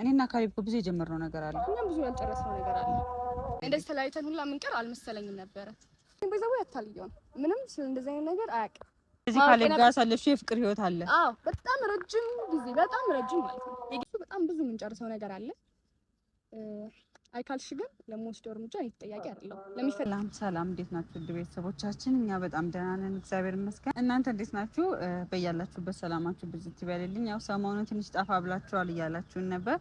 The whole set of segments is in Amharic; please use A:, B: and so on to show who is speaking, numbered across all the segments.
A: እኔና ካሌብ እኮ ብዙ የጀመርነው ነገር አለ።
B: እኛም ብዙ ያልጨረስነው ነገር አለ። እንደዚህ ተለያይተን ሁላ ምንቀር አልመሰለኝም ነበረ። በዛ ወይ ምንም ስለ እንደዚህ አይነት ነገር አያውቅም።
A: እዚህ ካሌብ ጋር ሳለሽ የፍቅር ህይወት አለ።
B: አዎ በጣም ረጅም ጊዜ በጣም ረጅም ማለት ነው። በጣም ብዙ የምንጨርሰው ነገር አለ። አይካልሽ ግን ለመወስደው እርምጃ እኔ ተጠያቂ አይደለሁም።
A: ለሚፈላም ሰላም፣ እንዴት ናችሁ ውድ ቤተሰቦቻችን? እኛ በጣም ደህና ነን እግዚአብሔር ይመስገን። እናንተ እንዴት ናችሁ? በያላችሁበት ሰላማችሁ ብዙ ይበልልኝ። ያው ሰሞኑን ትንሽ ጠፋ ብላችኋል እያላችሁን ነበር።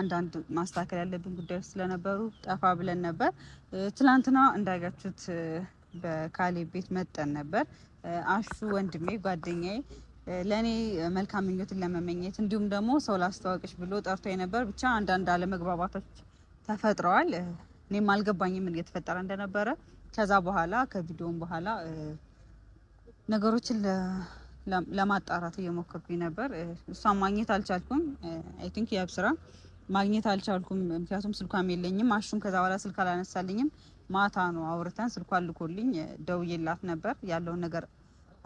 A: አንዳንድ ማስተካከል ያለብን ጉዳዮች ስለነበሩ ጠፋ ብለን ነበር። ትናንትና እንዳያችሁት በካሌብ ቤት መጠን ነበር። አሹ ወንድሜ ጓደኛዬ ለእኔ መልካም ምኞትን ለመመኘት እንዲሁም ደግሞ ሰው ላስተዋወቅሽ ብሎ ጠርቶ የነበር ብቻ አንዳንድ አለመግባባቶች ተፈጥረዋል። እኔም አልገባኝም ምን እየተፈጠረ እንደነበረ። ከዛ በኋላ ከቪዲዮም በኋላ ነገሮችን ለማጣራት እየሞከርኩኝ ነበር። እሷን ማግኘት አልቻልኩም። አይ ቲንክ ስራ ማግኘት አልቻልኩም፣ ምክንያቱም ስልኳም የለኝም። አሹም ከዛ በኋላ ስልክ አላነሳልኝም። ማታ ነው አውርተን ስልኳን ልኮልኝ ደውዬላት ነበር። ያለውን ነገር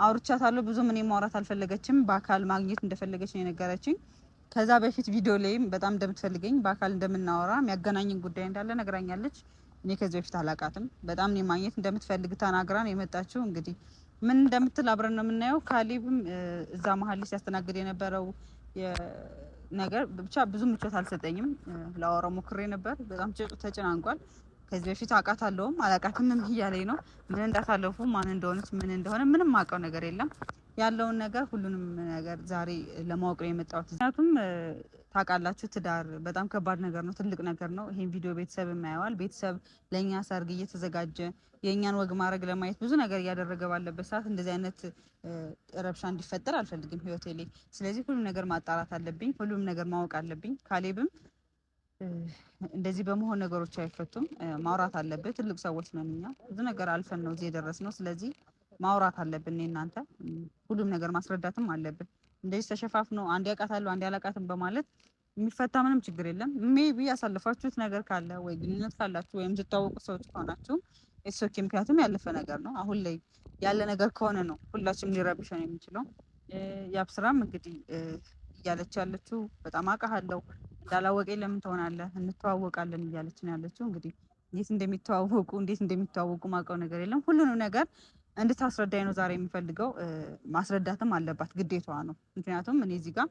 A: አውርቻታለሁ። ብዙም እኔ ማውራት አልፈለገችም። በአካል ማግኘት እንደፈለገች ነው የነገረችኝ። ከዛ በፊት ቪዲዮ ላይም በጣም እንደምትፈልገኝ በአካል እንደምናወራ የሚያገናኝን ጉዳይ እንዳለ ነግራኛለች። እኔ ከዚህ በፊት አላቃትም። በጣም እኔ ማግኘት እንደምትፈልግ ተናግራን የመጣችው እንግዲህ ምን እንደምትል አብረን ነው የምናየው። ካሊብም እዛ መሀል ሲያስተናግድ የነበረው ነገር ብቻ ብዙ ምቾት አልሰጠኝም። ላወራው ሞክሬ ነበር። በጣም ተጨናንቋል። ከዚህ በፊት አውቃታለሁም አላውቃትምም እያለኝ ነው። ምን እንዳሳለፉ ማን እንደሆነች ምን እንደሆነ ምንም አውቀው ነገር የለም። ያለውን ነገር ሁሉንም ነገር ዛሬ ለማወቅ ነው የመጣሁት። ምክንያቱም ታውቃላችሁ ትዳር በጣም ከባድ ነገር ነው፣ ትልቅ ነገር ነው። ይሄን ቪዲዮ ቤተሰብ የማየዋል። ቤተሰብ ለእኛ ሰርግ እየተዘጋጀ የእኛን ወግ ማድረግ ለማየት ብዙ ነገር እያደረገ ባለበት ሰዓት እንደዚህ አይነት ረብሻ እንዲፈጠር አልፈልግም ህይወቴ ላይ። ስለዚህ ሁሉም ነገር ማጣራት አለብኝ፣ ሁሉም ነገር ማወቅ አለብኝ። ካሌብም እንደዚህ በመሆን ነገሮች አይፈቱም። ማውራት አለብን። ትልቅ ሰዎች ነን እኛ ብዙ ነገር አልፈን ነው እዚህ የደረስነው። ስለዚህ ማውራት አለብን። እናንተ ሁሉም ነገር ማስረዳትም አለብን። እንደዚህ ተሸፋፍነው አንድ አለው አንድ ያላውቃትም በማለት የሚፈታ ምንም ችግር የለም። ሜቢ ያሳልፋችሁት ነገር ካለ ወይ ግንኙነት ካላችሁ ወይም ትታወቁ ሰዎች ከሆናችሁ ኢትስ ምክንያቱም ያለፈ ነገር ነው። አሁን ላይ ያለ ነገር ከሆነ ነው ሁላችንም ሊረብሸን የሚችለው። ያብስራም እንግዲህ እያለች ያለችው በጣም አውቃሃለሁ እንዳላወቀኝ ለምን ትሆናለህ እንተዋወቃለን እያለች ነው ያለችው። እንግዲህ እንዴት እንደሚተዋወቁ እንዴት እንደሚተዋወቁ ማውቀው ነገር የለም። ሁሉንም ነገር እንድታስረዳኝ ነው ዛሬ የሚፈልገው። ማስረዳትም አለባት ግዴታዋ ነው። ምክንያቱም እኔ እዚህ ጋር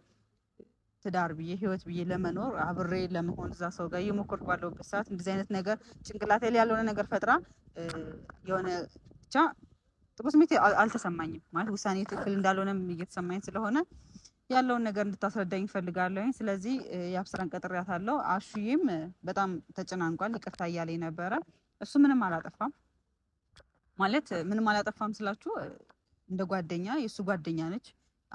A: ትዳር ብዬ ህይወት ብዬ ለመኖር አብሬ ለመሆን እዛ ሰው ጋር እየሞከርኩ ባለሁበት ሰዓት እንደዚህ አይነት ነገር ጭንቅላቴ ላይ ያልሆነ ነገር ፈጥራ የሆነ ብቻ ጥሩ ስሜት አልተሰማኝም። ማለት ውሳኔ ትክክል እንዳልሆነም እየተሰማኝ ስለሆነ ያለውን ነገር እንድታስረዳኝ እፈልጋለሁኝ። ስለዚህ የአብስራን አለው። አሹይም በጣም ተጨናንቋል፣ ይቅርታ እያለኝ ነበረ። እሱ ምንም አላጠፋም ማለት ምንም አላጠፋም ስላችሁ እንደ ጓደኛ የእሱ ጓደኛ ነች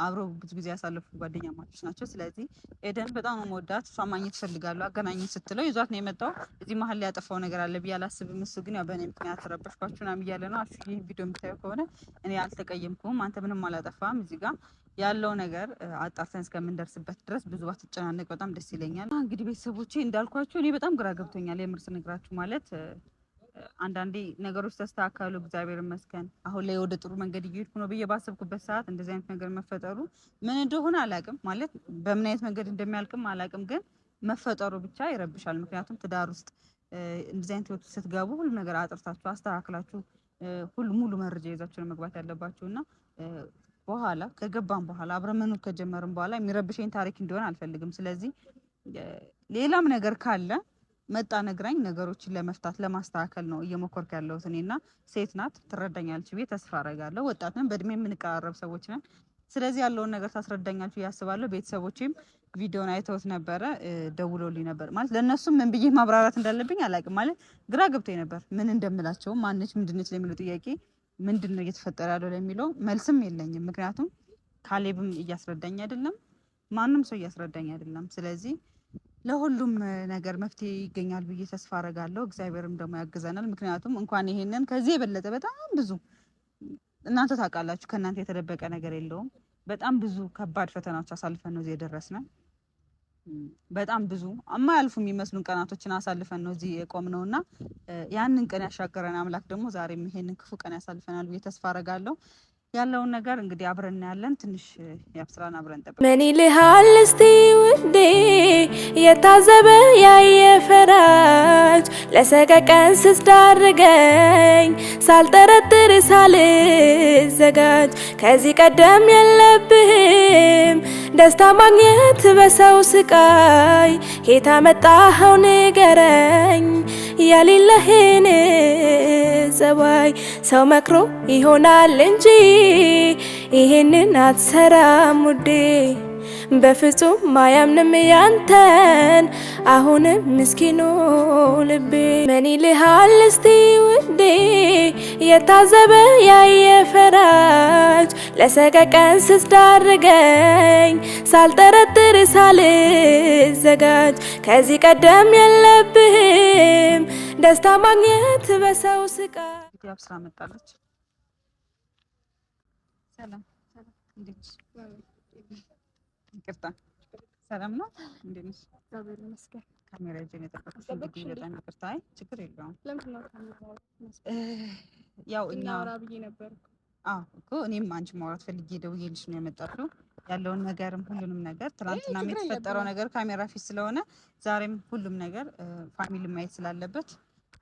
A: አብሮ ብዙ ጊዜ ያሳለፉ ጓደኛ ማቾች ናቸው። ስለዚህ ኤደን በጣም ነው መወዳት እሷ ማግኘት ይፈልጋሉ አገናኝ ስትለው ይዟት ነው የመጣው። እዚህ መሀል ላይ ያጠፋው ነገር አለ ብዬ አላስብም። እሱ ግን ያው በእኔ ምክንያት ተረበሽኳችሁ ምናምን እያለ ነው። አሹ ይህ ቪዲዮ የምታየው ከሆነ እኔ አልተቀየምኩም፣ አንተ ምንም አላጠፋም። እዚህ ጋር ያለው ነገር አጣርተን እስከምንደርስበት ድረስ ብዙ ባትጨናነቅ በጣም ደስ ይለኛል። እንግዲህ ቤተሰቦቼ እንዳልኳቸው እኔ በጣም ግራ ገብቶኛል። የምርስ ነግራችሁ ማለት አንዳንዴ ነገሮች ተስተካከሉ፣ እግዚአብሔር ይመስገን። አሁን ላይ ወደ ጥሩ መንገድ እየሄድኩ ነው ብዬ ባሰብኩበት ሰዓት እንደዚህ አይነት ነገር መፈጠሩ ምን እንደሆነ አላቅም፣ ማለት በምን አይነት መንገድ እንደሚያልቅም አላቅም፣ ግን መፈጠሩ ብቻ ይረብሻል። ምክንያቱም ትዳር ውስጥ እንደዚህ አይነት ህይወት ስትገቡ ሁሉ ነገር አጥርታችሁ አስተካክላችሁ ሁሉ ሙሉ መረጃ ይዛችሁ ነው መግባት ያለባችሁ እና በኋላ ከገባም በኋላ አብረን መኖር በኋላ የሚረብሸኝ ታሪክ እንዲሆን አልፈልግም። ስለዚህ ሌላም ነገር ካለ መጣ ነግራኝ ነገሮችን ለመፍታት ለማስተካከል ነው እየሞከርኩ ያለሁት። እኔና ሴት ናት ትረዳኛለች ብዬ ተስፋ አረጋለሁ። ወጣት ነን፣ በእድሜ የምንቀራረብ ሰዎች ነን። ስለዚህ ያለውን ነገር ታስረዳኛለች ብዬ አስባለሁ። ቤተሰቦችም ቪዲዮን አይተውት ነበረ፣ ደውሎልኝ ነበር። ማለት ለእነሱም ምን ብዬ ማብራራት እንዳለብኝ አላውቅም። ማለት ግራ ገብቶኝ ነበር። ምን እንደምላቸው ማነች፣ ምንድነች ለሚለው ጥያቄ ምንድን ነው እየተፈጠረ ያለው ለሚለው መልስም የለኝም። ምክንያቱም ካሌብም እያስረዳኝ አይደለም፣ ማንም ሰው እያስረዳኝ አይደለም። ስለዚህ ለሁሉም ነገር መፍትሄ ይገኛል ብዬ ተስፋ አረጋለሁ። እግዚአብሔርም ደግሞ ያግዘናል። ምክንያቱም እንኳን ይሄንን ከዚህ የበለጠ በጣም ብዙ እናንተ ታውቃላችሁ፣ ከእናንተ የተደበቀ ነገር የለውም። በጣም ብዙ ከባድ ፈተናዎች አሳልፈን ነው እዚህ የደረስነው። በጣም ብዙ የማያልፉ የሚመስሉን ቀናቶችን አሳልፈን ነው እዚህ የቆምነው እና ያንን ቀን ያሻገረን አምላክ ደግሞ ዛሬም ይሄንን ክፉ ቀን ያሳልፈናል ብዬ ተስፋ አረጋለሁ። ያለውን ነገር እንግዲህ አብረን እናያለን። ትንሽ ያብስራን አብረን ጠብቅ። ምን ይልሃል እስቲ ውዴ የታዘበ ያየ ፈራጅ ለሰቀቀን ስስዳርገኝ ሳልጠረጥር ሳልዘጋጅ ከዚህ ቀደም የለብህም ደስታ ማግኘት በሰው ስቃይ ኬታ መጣኸው ንገረኝ ያሌለህን ጸባይ ሰው መክሮ ይሆናል እንጂ ይህንን አትሰራም ውዴ በፍጹም ማያምንም ያንተን አሁንም ምስኪኑ ልቤ ምን ይልሃል እስቲ ውዴ የታዘበ ያየ ፈራጅ ለሰቀቀን ስስዳርገኝ ሳልጠረጥር ሳልዘጋጅ ከዚህ ቀደም የለብህም ደስታ ማግኘት በሰው ስቃ ስራ መጣለች ሰላም ነው። እንዴት ነሽ?
B: እግዚአብሔር ይመስገን።
A: ካሜራ ይቅርታ። አይ ችግር የለውም። ያው እኛ እኮ እኔም አንቺ ማውራት ፈልጌ ደውዬልሽ ነው የመጣችው ያለውን ነገርም ሁሉንም ነገር ትናንትና የተፈጠረው ነገር ካሜራ ፊት ስለሆነ ዛሬም ሁሉም ነገር ፋሚሊ ማየት ስላለበት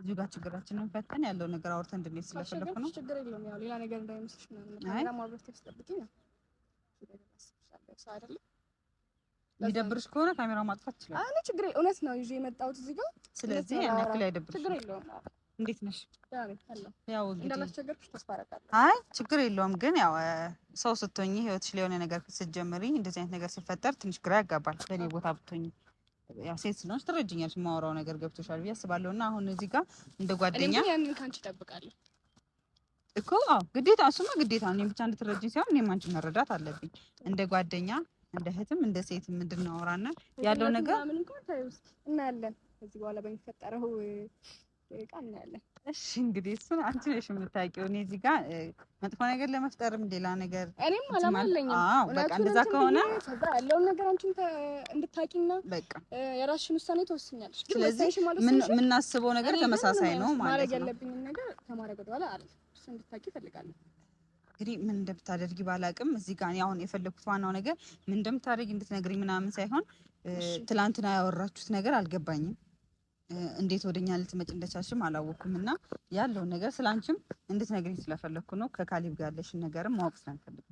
A: እዚሁ ጋር ችግራችንን ፈተን ያለው ነገር አውርተን እንድንሄድ ስለፈለኩ
B: ነው። ችግር የለውም። ያው ሌላ ነገር እንዳይመስልሽ ምናምን
A: ሊደብርሽ ከሆነ ካሜራ ማጥፋት ይችላል።
B: አይ ችግር እውነት ነው ይዤ የመጣሁት እዚህ ጋር።
A: ስለዚህ ያን ያክል አይደብርሽ። ችግር የለውም። እንዴት ነሽ? ያው አይ ችግር የለውም። ግን ያው ሰው ስትሆኚ ህይወትሽ ላይ የሆነ ነገር ስትጀምሪ እንደዚህ አይነት ነገር ሲፈጠር ትንሽ ግራ ያጋባል። በእኔ ቦታ ብትሆኚ ያው ሴት ስለሆንሽ ትረጅኛለሽ። የማወራው ነገር ገብቶሻል ብዬ አስባለሁ። እና አሁን እዚህ ጋር እንደ ጓደኛ
B: ያንን ከአንቺ እጠብቃለሁ
A: እኮ አዎ፣ ግዴታ እሱማ ግዴታ ነው። እኔም ብቻ እንድትረጅኝ ሳይሆን እኔም አንቺን መረዳት አለብኝ። እንደ ጓደኛ፣ እንደ እህትም፣ እንደ ሴትም እንድናወራና ያለው ነገር
B: ምንም እናያለን። ከዚህ በኋላ በሚፈጠረው ደቂቃ እናያለን።
A: እሺ እንግዲህ እሱን አንቺ ነሽ የምታውቂው። እኔ እዚህ መጥፎ ነገር ለመፍጠርም ሌላ ነገር
B: እኔም አላማለኝም።
A: በቃ እንደዛ ከሆነ
B: ያለውን ነገር አንቺም በቃ የራስሽን ውሳኔ ተወስኛለሽ።
A: ስለዚህ የምናስበው ነገር ተመሳሳይ ነው ማለት ነው። ማድረግ
B: ያለብኝን ነገር ከማድረግ ወደኋላ አለ እሱ እንግዲህ
A: ምን እንደምታደርጊ ባላቅም እዚህ ጋር አሁን ዋናው ነገር ምን እንደምታደርጊ እንድትነግሪኝ ምናምን ሳይሆን ትላንትና ያወራችሁት ነገር አልገባኝም። እንዴት ወደኛ ልትመጭ እንደቻልሽም አላወቅኩም እና ያለውን ነገር ስለ አንቺም እንድትነግሪኝ ስለፈለግኩ ነው። ከካሊብ ጋር ያለሽን ነገርም ማወቅ ስለንፈልግ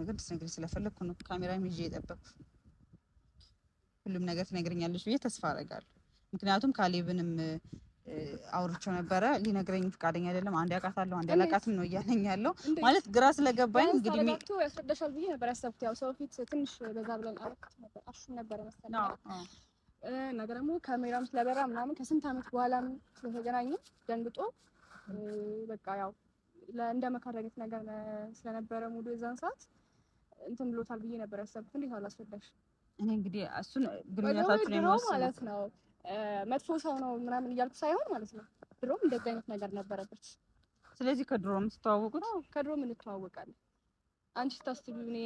A: ነገር እንድትነግሪኝ ስለፈለግኩ ነው። ካሜራም ይዤ የጠበቅኩት ሁሉም ነገር ትነግረኛለሽ ብዬ ተስፋ አደርጋለሁ። ምክንያቱም ካሊብንም አውርቼው ነበረ። ሊነግረኝ ፍቃደኛ አይደለም። አንድ ያውቃታለሁ አንድ ያላውቃትም ነው እያለኝ ያለው ማለት ግራ ስለገባኝ
B: እንግዲህ ያስረዳሻል ብዬ ነበር ያሰብኩት። ያው ሰው ፊት ትንሽ በዛ ብለን አረክት ነበር አሹ ነበር መሰለኝ ነገ ደግሞ ካሜራም ስለበራ ምናምን ከስንት አመት በኋላም ስለተገናኙ ደንግጦ በቃ ያው እንደ መካረቤት ነገር ስለነበረ ሙሉ የዛን ሰዓት እንትን ብሎታል ብዬ ነበር ያሰብኩት። እንዴት አላስረዳሽ?
A: እኔ እንግዲህ እሱን
B: ግንኙነታችን ማለት ነው መጥፎ ሰው ነው ምናምን እያልኩ ሳይሆን ማለት ነው ድሮም እንደዚህ አይነት ነገር ነበረበት።
A: ስለዚህ ከድሮም ስተዋወቁት
B: ከድሮም እንተዋወቃለን። አንቺ ስታስቢ እኔ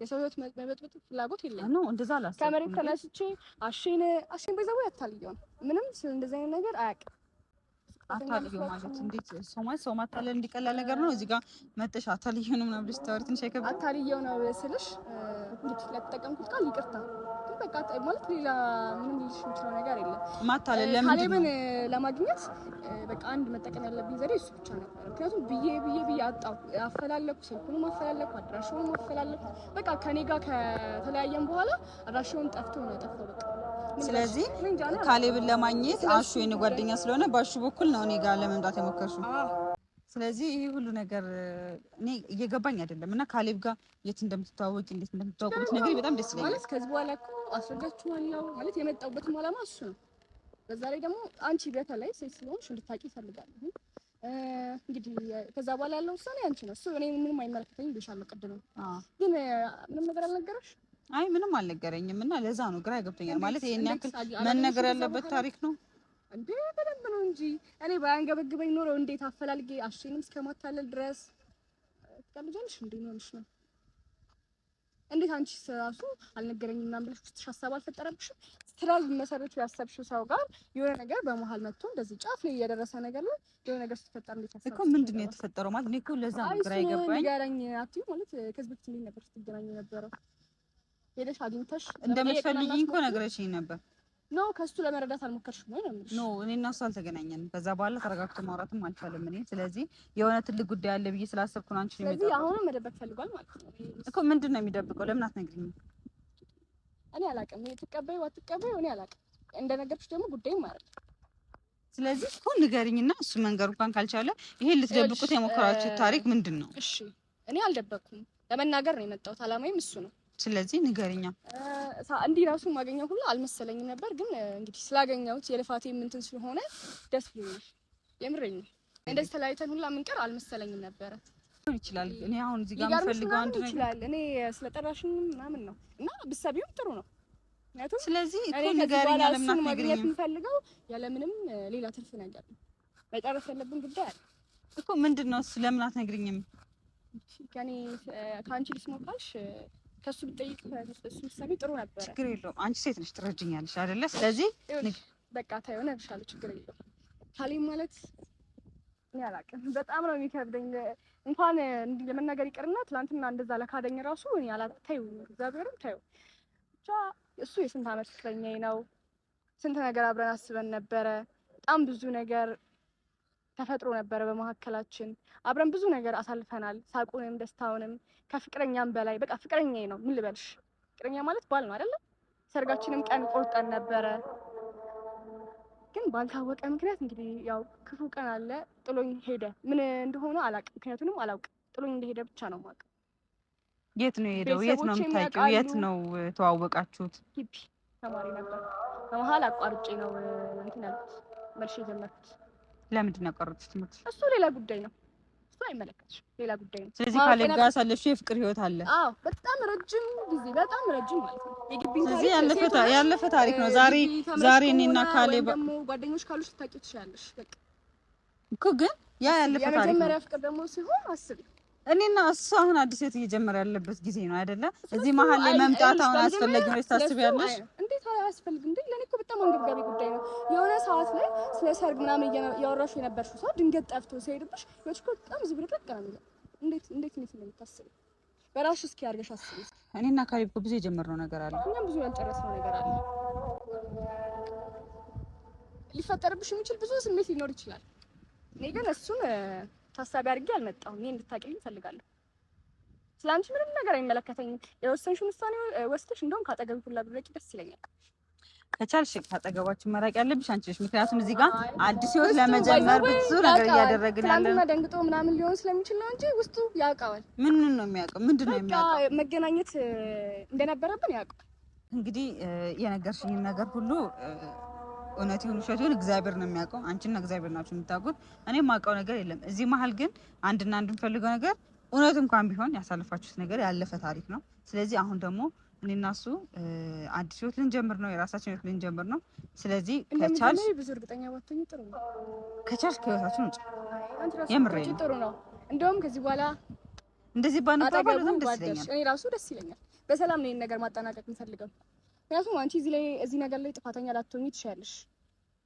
B: የሰው ህይወት መበጥበጥ ፍላጎት
A: የለኝም። እንደዛ አላስ
B: ከመሬት ተነስቼ አሽን አሽን በዛው ያታልየው አታልየው ምንም እንደዛ አይነት ነገር አያውቅም።
A: አታልየው ማለት እንዴት ሰው ማለት ሰው ማታለል እንዲቀላል ነገር ነው። እዚህ ጋር መጥተሽ አታልየው ነው ምናምን ብለሽ ስታወሪ ትንሽ አይከብድም?
B: አታልየው ነው ስልሽ ለተጠቀምኩት ቃል ይቅርታ በቃ ማለት ሌላ ምንም ልልሽ የምችለው ነገር የለም። ማታለለም ካሌብን ለማግኘት በቃ አንድ መጠቀም ያለብኝ ዘዴ እሱ ብቻ ነበር። ምክንያቱም ብዬ ብዬ ብዬ አጣሁ። አፈላለኩ፣ ስልኩንም አፈላለኩ፣ አድራሻውንም አፈላለኩ። በቃ ከኔ ጋር ከተለያየን በኋላ አድራሻውን ጠፍቶ ነው ጠፍቶ በቃ
A: ስለዚህ ካሌብን ለማግኘት አሹ የኔ ጓደኛ ስለሆነ በአሹ በኩል ነው እኔ ጋር ለመምጣት የሞከርሽው። ስለዚህ ይህ ሁሉ ነገር እኔ እየገባኝ አይደለም። እና ካሌብ ጋር የት እንደምትተዋወቅ እንዴት እንደምትተዋወቁት ነገር በጣም ደስ ይለኛል።
B: ማለት ከዚህ በኋላ እኮ አስረዳችኋለሁ ማለት የመጣሁበትም ዓላማ እሱ ነው። በዛ ላይ ደግሞ አንቺ ቤታ ላይ ሴት ስለሆንሽ እንድታቂ ይፈልጋል። እንግዲህ ከዛ በኋላ ያለው ውሳኔ አንቺ ነው። እሱ እኔ ምንም አይመለከተኝ ብሻለሁ። ቅድም ግን ምንም ነገር አልነገረሽ?
A: አይ ምንም አልነገረኝም። እና ለዛ ነው ግራ ገብቶኛል። ማለት ይሄን ያክል መነገር ያለበት ታሪክ ነው
B: እንዴ በደንብ ነው እንጂ እኔ ባያንገበግበኝ ኖሮ እንዴት አፈላልጌ አሽንም እስከማታለል ድረስ ትቀልጃለሽ እንዴ ነው ነው እንዴት አንቺ ስራሱ አልነገረኝ እና ብለሽ ውስጥሽ ሀሳብ አልፈጠረብሽም? ስራ መሰረቱ ያሰብሽው ሰው ጋር የሆነ ነገር በመሀል መጥቶ እንደዚህ ጫፍ ላይ እየደረሰ ነገር ላይ የሆነ ነገር ስትፈጠር እንዴት
A: ያሰብሽ እኮ ምንድን ነው የተፈጠረው? ማለት እኔ እኮ ለዛ ነው ግራ ይገባኝ
B: ንገረኝ አትዩ ማለት ከዚህ በፊት እንዴት ነበር ስትገናኙ የነበረው? ሄደሽ አግኝተሽ
A: እንደምትፈልጊኝ እኮ ነግረሽኝ ነበር
B: ኖ ከሱ ለመረዳት አልሞከርሽም ወይ ነው?
A: ኖ እኔ እና እሱ አልተገናኘንም። ከዛ በኋላ ተረጋግቶ ማውራትም አልቻለም። እኔ ስለዚህ የሆነ ትልቅ ጉዳይ አለ ብዬ ስላሰብኩ ነው። አንቺ
B: ስለዚህ አሁንም መደበቅ ፈልጓል ማለት ነው
A: እኮ። ምንድን ነው የሚደብቀው? ለምን አትነግሪኝ?
B: እኔ አላውቅም። ትቀበይ ወትቀበይ እኔ አላውቅም። እንደነገርኩሽ ደግሞ ጉዳይም አለ።
A: ስለዚህ እኮ ንገሪኝና እሱ መንገር እንኳን ካልቻለ ይሄን ልትደብቁት የሞከራችሁት ታሪክ ምንድን ነው?
B: እሺ እኔ አልደበኩም። ለመናገር ነው የመጣሁት። አላማዬም እሱ ነው።
A: ስለዚህ ንገርኛ
B: እንዲህ ራሱ ማገኘው ሁሉ አልመሰለኝም ነበር፣ ግን እንግዲህ ስላገኘሁት የልፋቴ ምንትን ስለሆነ ደስ ብሎኛል። የምረኝ እንደዚህ ተለያይተን ሁላ ምንቀር አልመሰለኝም ነበረ።
A: ይችላል እኔ አሁን እዚህ ጋር የምፈልገው
B: አንድ ነገር ይችላል። እኔ ስለጠራሽኝ ምናምን ነው እና ብትሰቢውም ጥሩ ነው።
A: ምክንያቱም ስለዚህ እኮ ንገርኛ ለምን ማግኘት
B: የምፈልገው ያለምንም ሌላ ትርፍ ነገር ነው። መጨረስ ያለብን ጉዳይ አለ
A: እኮ ምንድን ነው? ስለምን አትነግሪኝም?
B: ከኔ ከአንቺ ልስሞካልሽ ከሱ ብጠይቅ እሱ ሰሚ ጥሩ ነበረ።
A: ችግር የለውም አንቺ ሴት ነሽ ትረጅኛለሽ አይደለ? ስለዚህ
B: በቃ ታየሆነ ብሻለ ችግር የለውም ካሌብ ማለት እኔ አላውቅም፣ በጣም ነው የሚከብደኝ። እንኳን እንዲህ ለመናገር ይቅርና ትላንትና እንደዛ ለካደኝ ራሱ እኔ አላውቅም። ታዩ እግዚአብሔርም ታዩ ብቻ። እሱ የስንት ዓመት ፍቅረኛዬ ነው። ስንት ነገር አብረን አስበን ነበረ። በጣም ብዙ ነገር ተፈጥሮ ነበረ በመካከላችን። አብረን ብዙ ነገር አሳልፈናል። ሳቁንም ደስታውንም ከፍቅረኛም በላይ በቃ ፍቅረኛዬ ነው። ምን ልበልሽ? ፍቅረኛ ማለት ባል ነው አይደለም? ሰርጋችንም ቀን ቆርጠን ነበረ፣ ግን ባልታወቀ ምክንያት እንግዲህ ያው ክፉ ቀን አለ። ጥሎኝ ሄደ። ምን እንደሆነ አላቅ፣ ምክንያቱንም አላውቅ። ጥሎኝ እንደሄደ ብቻ ነው ማቅ።
A: የት ነው የሄደው? የት ነው የምታውቂው? የት ነው ተዋወቃችሁት?
B: ግቢ ተማሪ ነበር። በመሀል አቋርጬ ነው እንትን ያልኩት መልሼ የጀመርኩት
A: ለምንድን ነው ያቋረጥሽ ትምህርት?
B: እሱ ሌላ ጉዳይ ነው። እሱ አይመለከትሽም፣
A: ሌላ ጉዳይ ነው። ስለዚህ ካሌብ ጋር ያሳለፍሽው የፍቅር ህይወት አለ።
B: አዎ፣ በጣም ረጅም ጊዜ፣ በጣም ረጅም ማለት
A: ነው። ስለዚህ ያለፈ ታሪክ ነው። ዛሬ ዛሬ እኔና ካሌብ
B: ደግሞ ጓደኞች ካሉ ልታውቂው ትችያለሽ። በቃ
A: እኮ ግን ያ ያለፈ ታሪክ ነው።
B: የመጀመሪያ ፍቅር ደግሞ ሲሆን አስቢ
A: እኔና እሱ አሁን አዲስ ህይወት እየጀመረ ያለበት ጊዜ ነው አይደለ? እዚህ መሀል ላይ መምጣት አሁን አስፈላጊ ነው ታስቢያለሽ?
B: አያስፈልግም። ግን ለእኔ እኮ በጣም አንገብጋቢ ጉዳይ ነው። የሆነ ሰዓት ላይ ስለ ሰርግ ምናምን እያወራሽ የነበርሽው ሰው ድንገት ጠፍቶ ሲሄድብሽ መች እኮ በጣም ዝብርቅርቅ ነው የሚለው። እንዴት እንዴት እንዴት ነው የምታስቢው? በራስሽ እስኪ አድርገሽ አስቢ።
A: እኔና ካሌብ እኮ ብዙ የጀመርነው ነገር አለ።
B: እኛም ብዙ ያልጨረስነው ነገር አለ። ሊፈጠርብሽ የሚችል ብዙ ስሜት ሊኖር ይችላል። እኔ ግን እሱን ታሳቢ አድርጌ አልመጣሁም። እኔ እንድታውቂልኝ እፈልጋለሁ። ስለአንቺ ምንም ነገር አይመለከተኝም። የወሰንሽን ውሳኔ ወስደሽ እንደውም ካጠገብ ሁላ ብትርቂ ደስ ይለኛል።
A: ከቻልሽ ካጠገባችን መራቅ ያለብሽ አንቺ ነሽ። ምክንያቱም እዚህ ጋር አዲስ ህይወት ለመጀመር ብዙ ነገር እያደረግን
B: ያለ ደንግጦ ምናምን ሊሆን ስለሚችል ነው እንጂ ውስጡ ያውቀዋል።
A: ምን ነው የሚያውቀው? ምንድን ነው የሚያውቀው?
B: መገናኘት እንደነበረብን ያውቀዋል።
A: እንግዲህ የነገርሽኝን ነገር ሁሉ እውነት ይሁን ውሸት ይሁን እግዚአብሔር ነው የሚያውቀው። አንቺና እግዚአብሔር ናችሁ የምታውቁት። እኔ የማውቀው ነገር የለም። እዚህ መሀል ግን አንድና አንድ የምፈልገው ነገር እውነት እንኳን ቢሆን ያሳለፋችሁት ነገር ያለፈ ታሪክ ነው። ስለዚህ አሁን ደግሞ እኔና እሱ አዲስ ህይወት ልንጀምር ነው፣ የራሳችን ህይወት ልንጀምር ነው። ስለዚህ ከቻልሽ
B: ብዙ እርግጠኛ ባትሆኝ ጥሩ ነው።
A: ከቻልሽ ከህይወታችን ውጭ
B: የምሬ ጥሩ ነው። እንደውም ከዚህ በኋላ
A: እንደዚህ ባንባባ ደስ ይለኛል።
B: እኔ ራሱ ደስ ይለኛል። በሰላም ነው ይህን ነገር ማጠናቀቅ የምፈልገው። ምክንያቱም አንቺ እዚህ ላይ እዚህ ነገር ላይ ጥፋተኛ ላትሆኝ ትችያለሽ።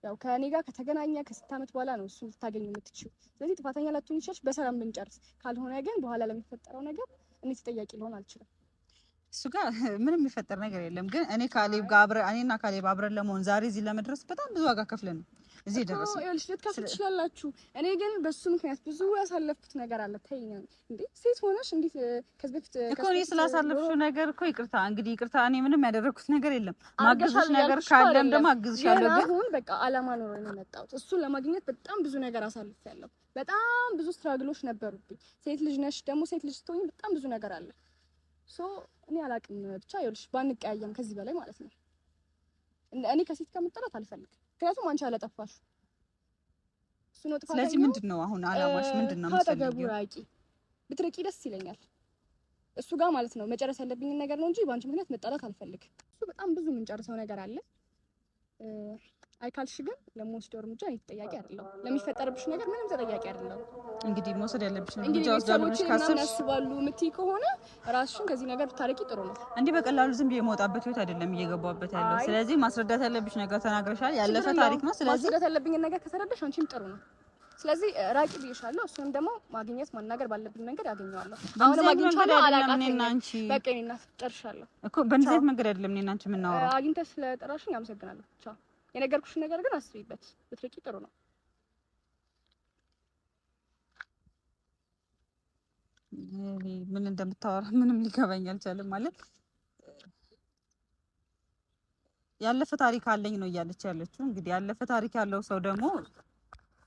B: ያው ከእኔ ጋር ከተገናኘ ከስንት ዓመት በኋላ ነው እሱ ልታገኝ የምትችው። ስለዚህ ጥፋተኛ ላትሆን ይችላል፣ በሰላም ብንጨርስ። ካልሆነ ግን በኋላ ለሚፈጠረው ነገር እኔ ተጠያቂ ልሆን አልችልም።
A: እሱ ጋር ምንም የሚፈጠር ነገር የለም። ግን እኔ ካሌብ ጋር አብረን እኔና ካሌብ አብረን ለመሆን ዛሬ እዚህ ለመድረስ በጣም ብዙ ዋጋ ከፍለን ነው እዚህ ደረሰ።
B: ይኸውልሽ ልትከፍል ትችላላችሁ። እኔ ግን በሱ ምክንያት ብዙ ያሳለፍኩት ነገር አለ። ተይኝ እንዴ ሴት ሆነሽ እንዴት ከዚህ በፊት
A: እኮ እኔ ስላሳለፍሽው ነገር እኮ ይቅርታ፣ እንግዲህ ይቅርታ። እኔ ምንም ያደረግኩት ነገር የለም። ማግዝሽ ነገር ካለም ደግሞ አግዝሻለሁ።
B: ግን አሁን በቃ አላማ ኖሮ ነው የመጣሁት። እሱን ለማግኘት በጣም ብዙ ነገር ያለው በጣም ብዙ ስትራግሎች ነበሩብኝ። ሴት ልጅ ነሽ ደግሞ ሴት ልጅ ስትሆኝ በጣም ብዙ ነገር አለ። ሶ እኔ አላቅም ብቻ ይኸውልሽ፣ ባንቀያየም ከዚህ በላይ ማለት ነው። እኔ ከሴት ጋር መጣላት አልፈልግም። ምክንያቱም አንቺ አላጠፋሽ
A: እሱ ነው ጥፋት። ስለዚህ ምንድን ነው አሁን አላማሽ ምንድን ነው?
B: ከአጠገቡ ራቂ። ብትርቂ ደስ ይለኛል እሱ ጋር ማለት ነው። መጨረስ ያለብኝን ነገር ነው እንጂ በአንቺ ምክንያት መጣላት አልፈልግ። እሱ በጣም ብዙ የምንጨርሰው ነገር አለ አይካልሽ ግን ለምወስደው እርምጃ እኔ ተጠያቂ አይደለሁም። ለሚፈጠርብሽ ነገር ምንም ተጠያቂ አይደለሁም።
A: እንግዲህ መውሰድ ያለብሽ
B: እርምጃ ወስዳለሽ ካሰብሽ ያስባሉ የምትይ ከሆነ ራስሽን ከዚህ ነገር ብታረቂ ጥሩ ነው።
A: እንዲህ በቀላሉ ዝም ብዬ የመውጣበት ህይወት አይደለም እየገባበት ያለው። ስለዚህ ማስረዳት ያለብሽ ነገር ተናግረሻል። ያለፈ ታሪክ ነው። ስለዚህ
B: ማስረዳት ያለብኝ ነገር ከተረዳሽ አንቺም ጥሩ ነው። ስለዚህ ራቂ ብዬሻለሁ። እሱንም ደግሞ ማግኘት ማናገር ባለብኝ መንገድ አገኘዋለሁ።
A: አሁን ማግኘቻለሁ። አላቃተኝና አንቺ
B: በቃ እኔና ጠርሻለሁ
A: እኮ በእንዚህ መንገድ አይደለም እኔና አንቺ የምናወራው።
B: አግኝተሽ ስለጠራሽኝ አመሰግናለሁ። ቻው የነገርኩሽ ነገር ግን አስቢበት፣ ብትርቂ ጥሩ ነው።
A: ምን እንደምታወራ ምንም ሊገባኝ አልቻለም። ማለት ያለፈ ታሪክ አለኝ ነው እያለች ያለችው። እንግዲህ ያለፈ ታሪክ ያለው ሰው ደግሞ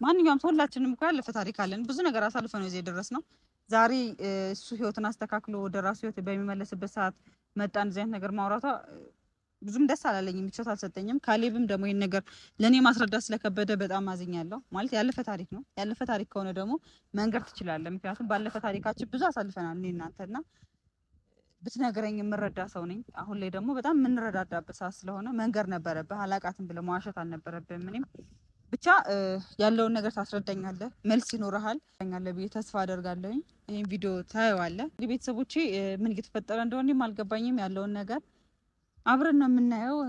A: ማንኛውም ሰው ሁላችንም እኮ ያለፈ ታሪክ አለን። ብዙ ነገር አሳልፈ ነው እዚህ ድረስ ነው። ዛሬ እሱ ህይወትን አስተካክሎ ወደ ራሱ ህይወት በሚመለስበት ሰዓት መጣ እንደዚህ አይነት ነገር ማውራቷ ብዙም ደስ አላለኝ፣ ምቾት አልሰጠኝም። ካሌብም ደግሞ ይህን ነገር ለእኔ ማስረዳት ስለከበደ በጣም አዝኛለሁ። ማለት ያለፈ ታሪክ ነው። ያለፈ ታሪክ ከሆነ ደግሞ መንገር ትችላለህ። ምክንያቱም ባለፈ ታሪካችን ብዙ አሳልፈናል እኔ እናንተና ብትነግረኝ የምረዳ ሰው ነኝ። አሁን ላይ ደግሞ በጣም የምንረዳዳበት ሰዓት ስለሆነ መንገር ነበረብህ። አላቃትን ብለህ መዋሸት አልነበረብህም። እኔም ብቻ ያለውን ነገር ታስረዳኛለህ፣ መልስ ይኖረሃል ኛለ ብዬ ተስፋ አደርጋለሁኝ። ይህም ቪዲዮ ታየዋለህ። እንግዲህ ቤተሰቦቼ ምን እየተፈጠረ እንደሆነ አልገባኝም ያለውን ነገር አብረን ነው የምናየው።